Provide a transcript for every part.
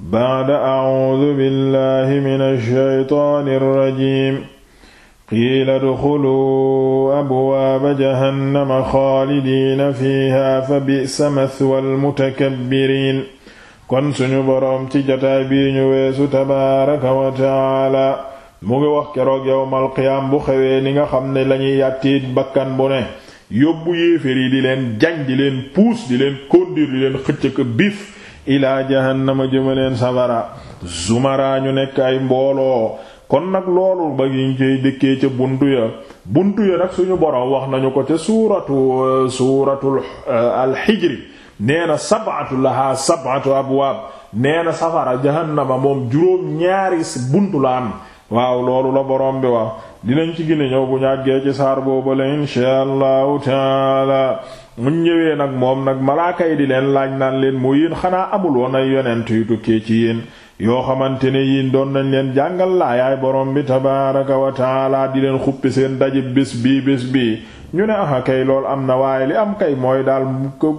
bacda acuudu billahi min alsheytaani alrajim qiila dxuluu abwaaba jahannama xaalidiina fiiha fa bisa mathwa almutakabbiriin kon suñu boroom ci jataay bii ñu weesu tabaaraka wa tacaala mu ngi wax keroog yowmal qiyaam bu xewee ni nga xam ne lañuy yàttiit bakkan bu ne yóbbu yéefér yi di leen jañ di leen puus di leen kondir di leen xëccëk bif ilaa jahannama jëmaleen safara zumara ñu nekk ay mbooloo kon nag loolu ba ñu koy dëkkee ca bunt ya bunt ya nag suñu borom wax nañu ko ca suuratu suuratul eh, alxijri nee na sab'atu laha sab'atu abwaab nee na safara jahannama moom juróom ñaari buntu la am waaw loolu la borom bi wax dinañ ci gën ñëw bu ñàggee ci saar boobu la inshaa allahu taala mu ñëwee nag moom nag malaaka yi di leen laaj naan leen mu yéen xanaa amul woon ay yonent yu tukkee ci yéen yoo xamante ne yéen doon nañ leen jàngal laayaay borom bi tabaaraka wa taala di leen xuppe seen daje bés bii bés bii ñu ne aha kay lool am na waaye li am kay mooy daal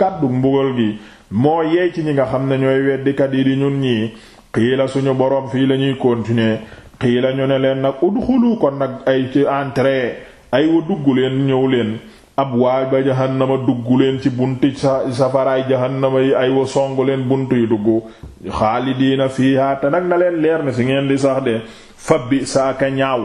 kàddu mbugal gi moo yey ci ñi nga xam ne ñooy weddikat yi di ñun ñii xiila suñu borom fii la ñuy continuer xiila ñu ne leen nag udxulu kon nag ay ci entrée ay wa dugg leen ñëw leen ab waay ba jahannama dugg leen ci bunti safaraay jahannama yi ay wa song leen bunt yu dugg xaalidiina fiiha te nag na leen leer ne si ngeen di sax de fabbi sa aka ñaaw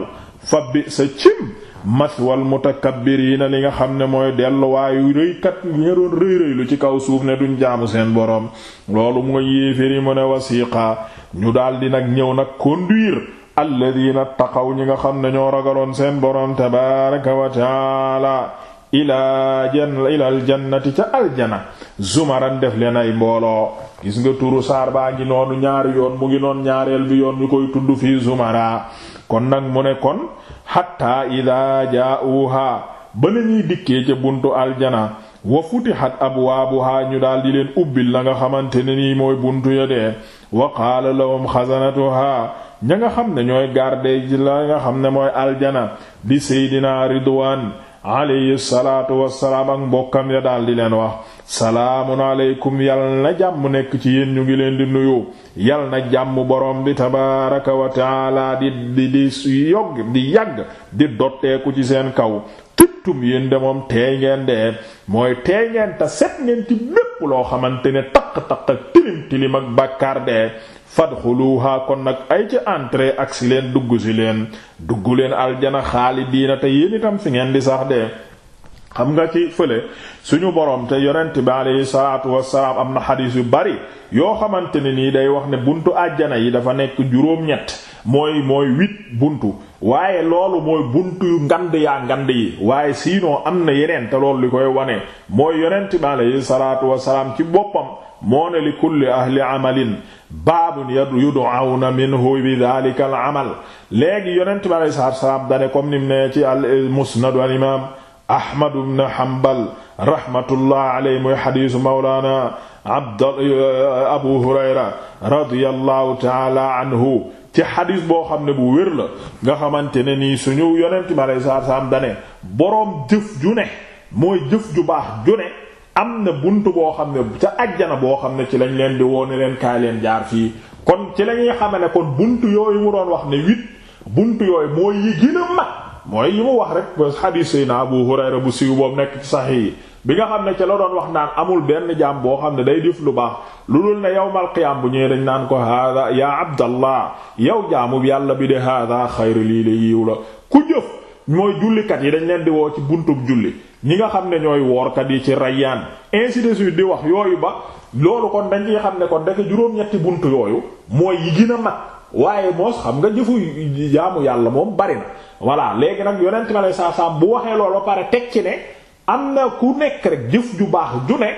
fabbi sa cim maswal mutakabbiriina li nga xam ne mooy delluwaayu rëykat ña doon rëy rëylu ci kaw suuf ne duñ jaamu seen boroom loolu mooy yéeféri mu ne wasiqa ñu daldi nag ñëw nag conduire alladina taqaw ñi nga xam ne ñoo ragaloon seen boroom tabaaraka wa taala ilaa jan ilal jannati ca aljana zumaran def leen ay mbooloo gis nga turu saar baa ngi noonu ñaari yoon mu ngi noon ñaareel bi yoon ñu koy tudd fii zumara kon nag mu ne kon xatta ida jaauha ba ñuy dikkee ca buntu aljana wa futihat abwaabuha ñu daal di leen ubbil la nga xamante ni nii mooy buntu ya dee wa qaala lahum xasanatuha ña nga xam ne ñooy garde ji la nga xam ne mooy aljana di seydina ridwaan alayhi salaatu wassalaam ak mbokkam ya daal di leen wax salaamun aleykum yal na jàmm nekk ci yéen ñu ngi leen di nuyu yal na jàmm borom bi tabaaraka wa taala di di yogg di yàgg di dotteeku ci seen kaw tubtum yéen de moom teey ngeen de mooy teey ngeen te set ngeen ci lépp loo xamante ne taq-taq ak tilim tilim ak bàkkaar de fadxuluha kon nag ay ci entrée ak si leen dugg si leen dugg leen aljana xaalidiina te yéen itam fi ngeen di sax de xam nga ci fële suñu borom te yonent bi aleyhi salaatu wasalaam am na xadiis yu bari yoo xamante ne nii day wax ne buntu àjjana yi dafa nekk juróom-ñett mooy mooy huit buntu waaye loolu mooy buntu yu ngand yaa ngand waaye sinon am na yeneen te loolu li koy wane mooy yonent bi aleyhi salaatu wasalaam ci boppam moo ne li kulli ahli amalin baabun yud'awna minhu bi dhalika al amal léegi yonent bi aleyhi salaatu wasalaam dane comme nim ne ci al musnad al imam ahmad ibn hanbal rahmatullah alayhi mooy xadiisu mawlaana abd ta'ala anhu ci xadis boo xam ne bu wér la nga xamante ne nii suñu yonent mi aleyhi salaatu salaam dane boroom jëf ju ne mooy jëf ju baax ju ne am na bunt boo xam ne ca ajjana boo xam ne ci lañ leen di woone leen kaay leen jaar fii kon ci la ñuy xamane kon bunt yooyu mu doon wax ne huit bunt yooyu mooy yi gën mag mooy yi mu wax rek ba xadis Seydina Abu Hurayra bu siiw boobu nekk ci sax yi bi nga xam ne ca la doon wax naan amul benn jaam boo xam ne day def lu baax lu dul ne yawmal qiyaam bu ñëwee dañ naan ko haada yaa abdallah yow jaamu yàlla bi de haada xayri lii de yiw la ku jëf mooy jullikat yi dañ leen di woo ci buntu julli ñi nga xam ne ñooy woorkat yi ci rayyaan ainsi de suite di wax yooyu ba loolu kon dañ ciy xam ne ko dëkk juróom-ñetti bunt yooyu mooy yi gën a mag waaye moos xam nga jëfu jaamu yàlla moom bari na voilà léegi nag saa saam bu loolu ba pare teg ci am na ku nekk rek jëf ju baax ju ne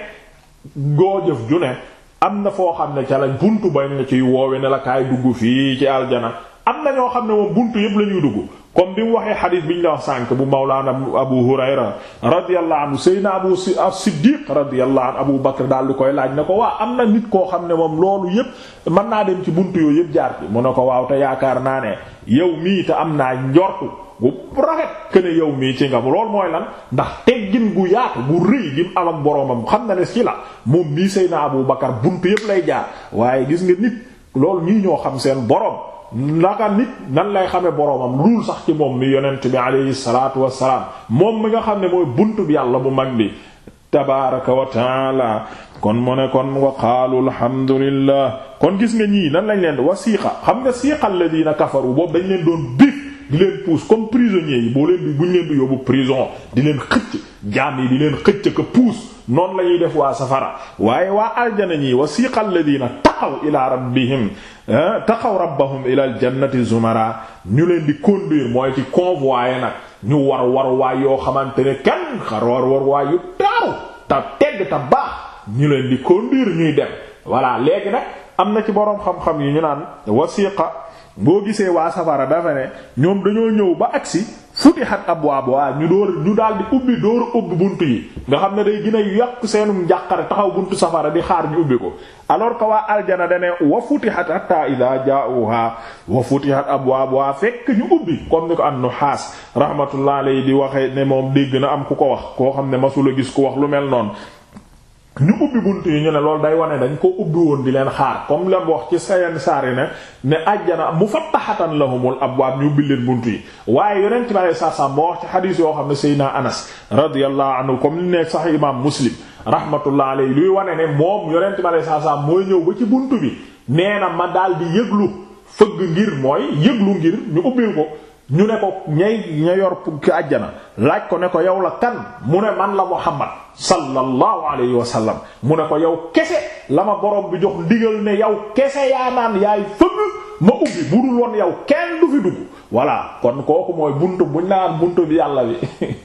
goo jëf ju ne am na foo xam ne ca lañ buntu bañ na ciy woowe ne la kaay dugg fii ci aljana am na ñoo xam ne moom bunt yëpp la ñuy dugg comme bi mu waxee xadis bi ñu la wax sànk bu mawlaana abu hurayra radiyallahu anhu sayna abu as-siddiq radiyallahu anhu abu bakr daal di koy laaj ne ko waa am na nit koo xam ne moom loolu yëpp mën naa dem ci bunt yooyu yëpp jaar bi mu ne ko waaw te yaakaar naa ne yow mii te am naa njortu bu rafet que ne yow mii ci nga lool mooy lan ndax teggin gu yaatu gu rëy gi mu am ak boroomam xam na ne si la moom mii Seydina Abu Bakar buntu yëpp lay jaar waaye gis nga nit lool ñii ñoo xam seen boroom naka nit nan lay xamee boroomam luul sax ci moom mi yonent bi alayhi salaatu wassalaam moom mi nga xam ne mooy bunt bi yàlla bu mag bi tabaaraka wa taala kon mu ne kon wa qaalu alhamdulillah kon gis nga ñii nan lañ leen wasiqa xam nga siiqa alladina kafaru boobu dañ leen di leen pousse comme prisonniers yi boo leen di buñ leen di yóbbu prison di leen xëcc jaam yi di leen xëcc ak pousse noonu la ñuy def waa safara waaye waa aljana ñi wasiqa alladina taxaw ila rabbihim taxaw rabbahum ila aljannati zumara ñu leen di conduire mooy ci convoyé nag ñu war war waay yoo xamante ne kenn xar war war waay yu taaru te tegg te baax ñu leen di conduire ñuy dem voilà léegi nag am na ci boroom xam-xam yi ñu naan wasiqa boo gisee waa safara dafa ne ñoom dañoo ñëw ba agsi futihat abwaabuha ñu door ñu daal di ubbi dooru ubbi bunt yi nga xam ne day gën a yàq seenum njàqare taxaw buntu safara di xaar ñu ubbi ko alors que waa aljana dane wa futihat hatta idha jaa'uha wa futihat abwaabuha fekk ñu ubbi comme ni ko am nu xaas rahmatullah yi di waxee ne moom dégg na am ku ko wax koo xam ne masula gis ku wax lu mel noonu ñu ubbi bunt yi ñu ne loolu day wane dañ ko ubbi woon di leen xaar comme lam wax ci sayen saari ne ne ajjana mufattaxatan lahumul abwaab ñu ubbi leen bunt yi waaye yonent bi alei satu selaam moo wax ci xadiis yoo xam ne Seydina Anas radiyallahu anhu comme ni nekk sax imaam Muslim rahmatullah alayhi luy wane ne moom yonent bi alei sa selaam mooy ñëw ba ci bunt bi nee na ma daal di yëglu fëgg ngir mooy yëglu ngir ñu ubbil ko ñu ne ko ñay ña yor ki àjjana laaj ko ne ko yow la kan mu ne man la Muhammad sallallahu alayhi wa sallam mu ne ko yow kese la ma borom bi jox ndigal ne yow kese yaa naan yaay fëgg ma ubbi bu dul woon yow kenn du fi dugg voilà kon kooku mooy buntu buñ naan buntu bi yàlla bi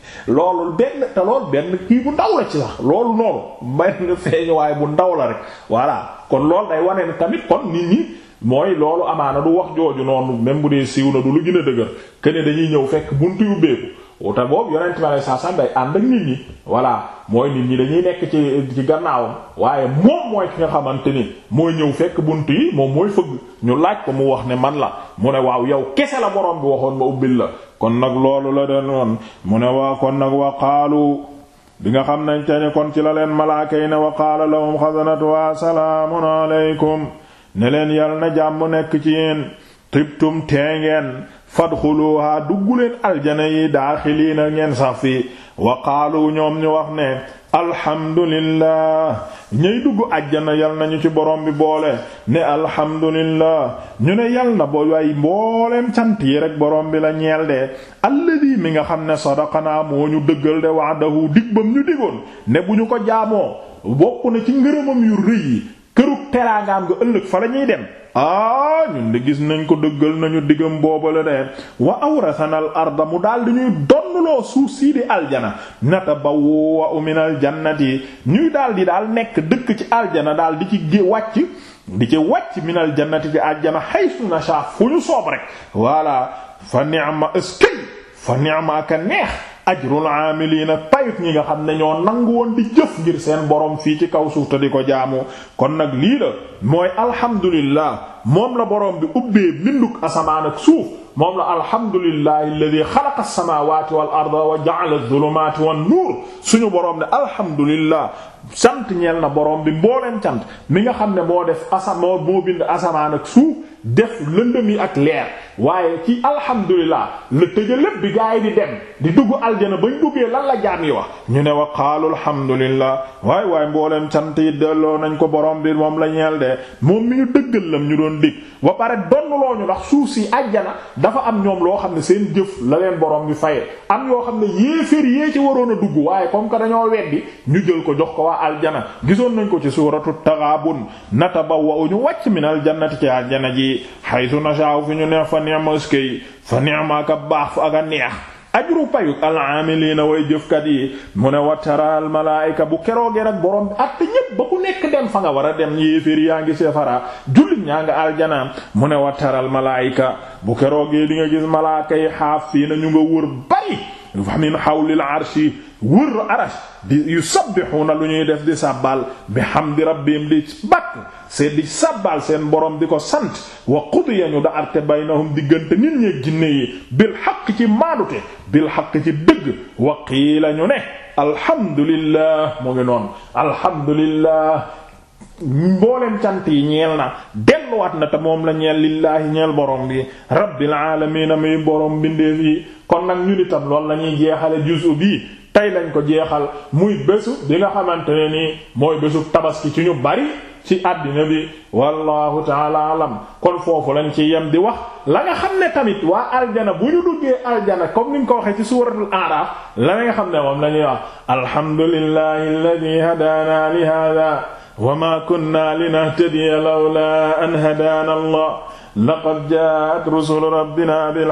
loolu benn te loolu benn kii bu ndaw la ci sax loolu noonu benn feeñuwaay bu ndaw la rek voilà kon loolu day wane ni tamit kon nit ñi. mooy loolu amaana du wax jooju noonu même bu dee siiw na du lu gën a dëgër kene dañuy ñëw fekk bunt yu beeku te boobu yonent ma ne saa saa day ànd ak nit ñi voilà mooy nit ñi dañuy nekk ci ci gannaawam waaye moom mooy ki nga xamante ni mooy ñëw fekk bunt yi moom mooy fëgg ñu laaj ko mu wax ne man la mu ne waaw yow kese la borom bi waxoon ba ubbil la kon nag loolu la den woon mu ne waa kon nag wa qaalu bi nga xam nañ te ni kon ci la leen malaaka yi ne wa qaala lahum xasanatu wa ne leen yal na jàmm nekk ci yéen tibtum tee ngeen fadxuluha dugguleen aljana yi daaxiliina ngeen sax fi wa qaalu ñoom ñu wax ne alhamdulillah ñey dugg àjjana yal nañu ci borom bi boole ne alhamdulillah ñu ne yal na boo way mbooleem cant yi rek borom bi la ñeel de alladi mi nga xam ne sadaqanaa moo ñu dëggal de wa'dahu dig ñu digoon ne bu ñu ko jaamoo bokk na ci ngërëmam yu rëy yi kërug teraangaam nga ëllëg fa la dem ah ñun de gis nañ ko dëggal nañu diggam boobale de wa awrasana al arda mu daal di ñuy donnloo suuf sii di aljana natabawwa'u min al jannati ñuy daal di daal nekk dëkk ci aljana daal di ci gé wàcc di ci wàcc min jannati ci aljana haythu nasha fu ñu soob rek voilà fa ni'ma eskay fa ni'ma ka neex ajrul aamiliina payut ñi nga xam ne ñoo nangu woon di jëf ngir seen borom fii ci kaw suuf te di ko jaamu kon nag lii la mooy alhamdulillah moom la boroom bi ubbee binduk asamaan ak suuf moom la alhamdulillahi alladhi xalaqa as-samawati wal arda wa ja'ala adh-dhulumati wan-nur suñu boroom ne sant ñeel na boroom bi mbooleen cant mi nga xam ne moo def asa moo moo asamaan ak suuf def lëndëm ak leer waaye ci alhamdulilah la tëja lépp bi gaay di dem di dugg aljana bañ duggee lan la jaam yi wax ñu ne wa qaalu alhamdulillah waay waay mbooleen cant yi delloo nañ ko boroom bi moom la ñeel de moom mi ñu dëggal lam ñu doon doon dig ba pare donnuloo ñu ndax suuf si àjjana dafa am ñoom loo xam ne seen jëf la leen boroom bi fayee am yoo xam ne yéefér yée ci waroon a dugg waaye comme que dañoo weddi ñu jël ko jox ko waa aljana gisoon nañ ko ci suuratu taghabun natabawwa ñu wàcc minal jannati ci aljana ji haythu nasha'u fi ñu neex fa ni'ma askay fa ni'ma ka baax fa ak neex ajru payu al-aamiliina way jëfkat yi mu ne wa taraal malaayika bu keroogee nag borom bi ñépp ba ku nekk dem fa nga war a dem yéeféer yaa ngi safara jullit ñaa nga aljana mu ne wa taraal malaayika bu keroogee di nga gis malaaka yi xaafiina ñu nga wër bari min hawlil arshi wër arash di yusabbihuna lu ñuy def di sàbbaal bi hamdi rabbihim di bàkk seet di sàbbaal seen boroom di ko sant wa qudiya ñu da arte baynahum diggante nit ñee jinne yi bil haqq ci maadute bil haqq ci dëgg wa qiila ñu ne alhamdulillah mu ngi noonu alhamdulillah mboolem cant yi ñeel na delluwaat na te moom la ñeel lillaahi ñeel borom bi rabbil aalamiina muy borom bindeef yi kon nag ñu nitam lool la ñuy jeexale juzu bi tey lañ ko jeexal muy bésu bi nga xamante ne nii mooy bésu tabaski ci ñu bari ci àddina bi wallahu taala alam kon foofu lañ ci yem di wax la nga xam ne tamit waa aljana bu ñu duggee aljana comme ni ñu ko waxee ci suuratul aaraaf la nga xam ne moom la ñuy wax alhamdulillahi alladhi hadaana li hada wa ma kunna linahtadiya allah laqad jaat rusulu rabbina bil